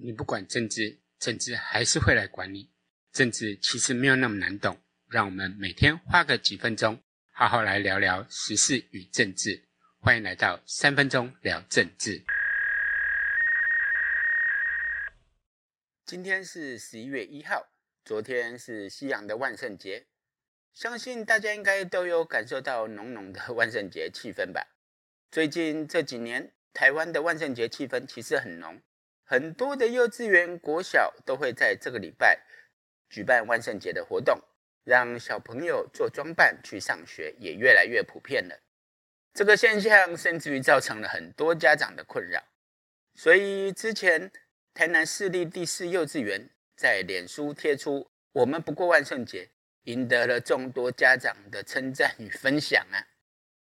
你不管政治，政治還是會來管你。政治其實沒有那麼難懂，讓我們每天花個幾分鐘，好好來聊聊時事與政治。歡迎來到三分鐘聊政治。今天是十一月一號，昨天是西洋的萬聖節，相信大家應該都有感受到濃濃的萬聖節氣氛吧？最近這幾年，台灣的萬聖節氣氛其實很濃。很多的幼稚園、國小都會在這個禮拜舉辦萬聖節的活動，讓小朋友做裝扮去上學也越來越普遍了。這個現象甚至於造成了很多家長的困擾，所以之前台南市立第四幼稚園在臉書貼出“我們不過萬聖節”，贏得了眾多家長的稱讚與分享啊。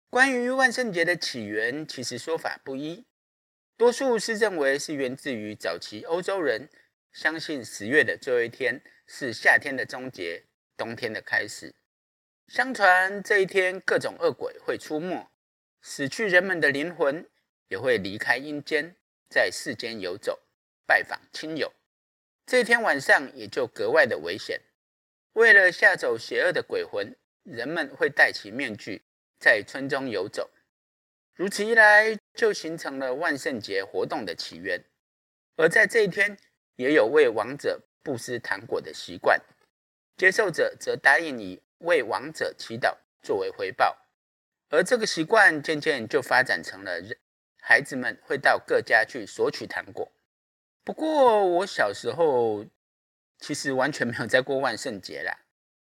關於萬聖節的起源，其實說法不一。多數是認為是源自於早期歐洲人相信十月的最後一天是夏天的終結，冬天的開始。相傳這一天各種惡鬼會出沒，死去人們的靈魂也會離開陰間，在世間遊走拜訪親友。這一天晚上也就格外的危險。為了嚇走邪惡的鬼魂，人們會戴起面具在村中游走。如此一來，就形成了萬聖節活動的起源。而在這一天，也有為亡者布施糖果的習慣，接受者則答應你為亡者祈禱作為回報。而這個習慣漸漸就發展成了，孩子們會到各家去索取糖果。不過，我小時候其實完全沒有在過萬聖節啦。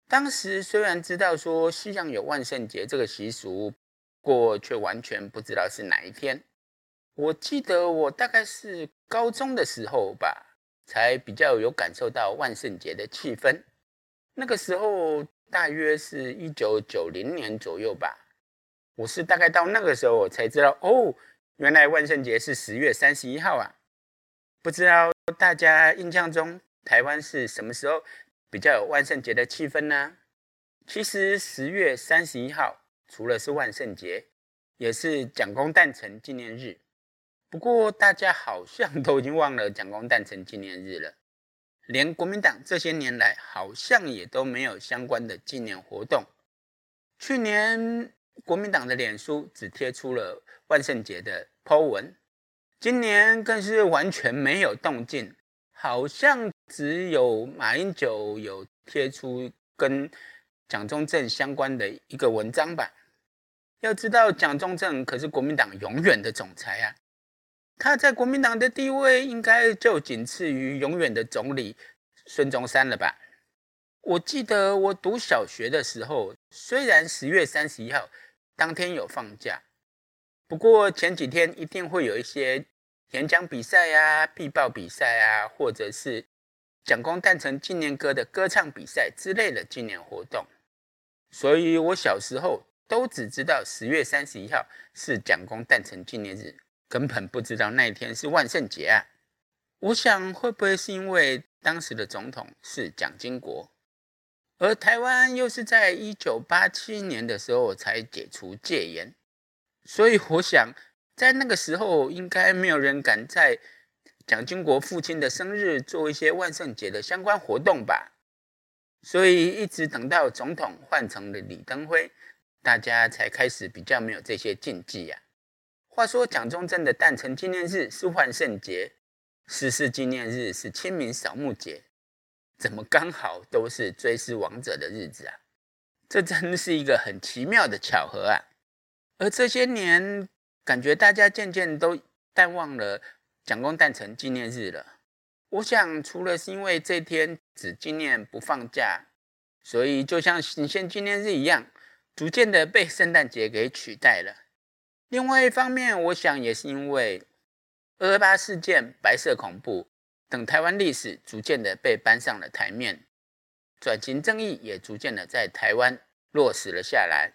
當時雖然知道說，西洋有萬聖節這個習俗。過卻完全不知道是哪一天。我記得我大概是高中的時候吧，才比較有感受到萬聖節的氣氛。那個時候大約是一九九零年左右吧。我是大概到那個時候，我才知道哦，原來萬聖節是十月三十一號啊。不知道大家印象中台灣是什麼時候比較有萬聖節的氣氛呢？啊？其實十月三十一號。除了是萬聖節，也是蔣公誕辰紀念日。不過，大家好像都已經忘了蔣公誕辰紀念日了，連國民黨這些年來好像也都沒有相關的紀念活動。去年國民黨的臉書只貼出了萬聖節的 po 文，今年更是完全沒有動靜，好像只有馬英九有貼出跟。蔣中正相關的一個文章吧。要知道，蔣中正可是國民黨永遠的總裁啊，他在國民黨的地位，應該就僅次於永遠的總理孫中山了吧？我記得我讀小學的時候，雖然十月三十一號當天有放假，不過前幾天一定會有一些演講比賽呀、啊、壁報比賽啊，或者是蔣公誕辰紀念歌的歌唱比賽之類的紀念活動。所以，我小時候都只知道十月三十一號是蔣公誕辰紀念日，根本不知道那一天是萬聖節啊！我想，會不會是因為當時的總統是蔣經國，而台灣又是在一九八七年的時候才解除戒嚴，所以我想，在那個時候應該沒有人敢在蔣經國父親的生日做一些萬聖節的相關活動吧？所以一直等到總統換成了李登輝，大家才開始比較沒有這些禁忌呀、啊。話說蔣中正的誕辰紀念日是萬聖節，逝世紀念日是清明掃墓節，怎麼剛好都是追思亡者的日子啊？這真是一個很奇妙的巧合啊！而這些年，感覺大家漸漸都淡忘了蔣公誕辰紀念日了。我想，除了是因為這天只紀念不放假，所以就像行憲紀念日一樣，逐漸的被聖誕節給取代了。另外一方面，我想也是因為二二八事件、白色恐怖等台灣歷史逐漸的被搬上了台面，轉型正義也逐漸的在台灣落實了下來。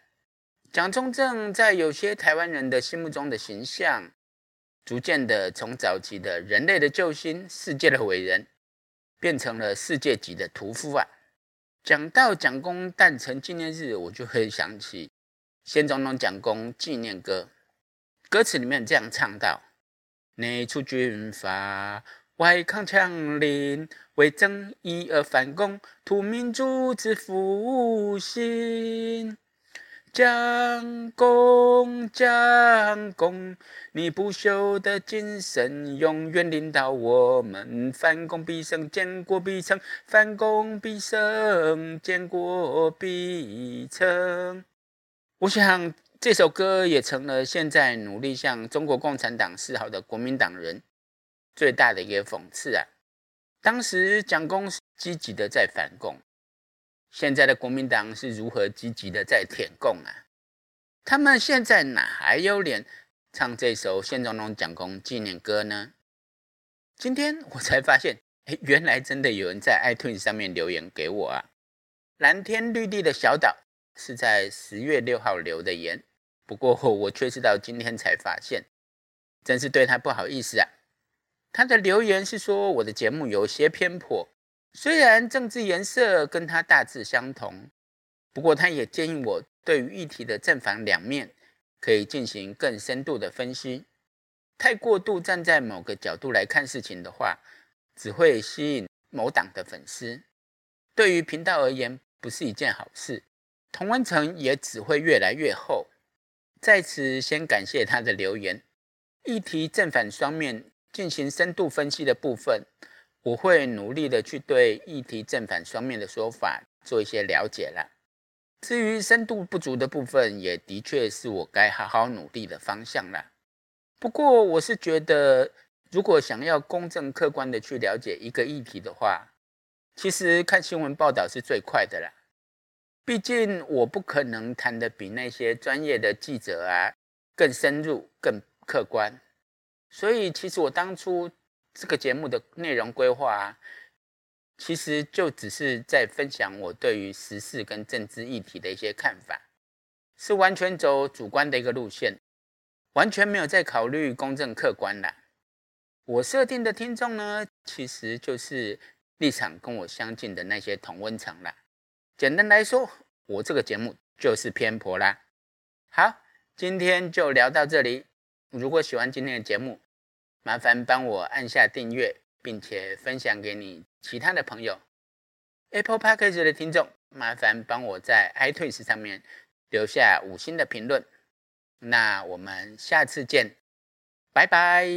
蔣中正在有些台灣人的心目中的形象，逐漸的從早期的人類的救星、世界的偉人，變成了世界級的屠夫啊！講到蔣公誕辰紀念日，我就會想起先總統蔣公紀念歌，歌詞裡面這樣唱到：內除軍閥，外抗強鄰，為正義而反攻，圖民族之復興。蔣公，蔣公，你不朽的精神永遠領導我們，反攻必勝，建國必，必成，反攻必勝，建國必成。我想這首歌也成了現在努力向中國共產黨示好的國民黨人最大的一個諷刺啊！當時蔣公積極的在反共。現在的國民黨是如何積極地在舔共啊？他們現在哪還有臉唱這首《先總統蔣公紀念歌》呢？今天我才發現，誒原來真的有人在 iTunes 上面留言給我啊！藍天綠地的小島是在十月六號留的言，不過我卻是到今天才發現，真是對他不好意思啊！他的留言是說我的節目有些偏頗。雖然政治顏色跟他大致相同，不過他也建議我對於議題的正反兩面可以進行更深度的分析。太過度站在某個角度來看事情的話，只會吸引某黨的粉絲，對於頻道而言不是一件好事。同溫層也只會越來越厚。在此先感謝他的留言。議題正反雙面進行深度分析的部分。我會努力的去對議題正反雙面的說法做一些了解啦。至於深度不足的部分，也的確是我該好好努力的方向啦。不過，我是覺得，如果想要公正客觀的去了解一個議題的話，其實看新聞報道是最快的啦。畢竟我不可能談得比那些專業的記者啊更深入、更客觀。所以，其實我當初。這個節目的內容規劃啊，其實就只是在分享我對於時事跟政治議題的一些看法，是完全走主觀的一個路線，完全沒有在考慮公正客觀啦。我設定的聽眾呢，其實就是立場跟我相近的那些同溫層了。簡單來說，我這個節目就是偏頗啦。好，今天就聊到這裡。如果喜歡今天的節目，麻煩幫我按下訂閱，並且分享給你其他的朋友。Apple Podcast 的聽眾，麻煩幫我在 iTunes 上面留下五星的評論。那我們下次見，拜拜。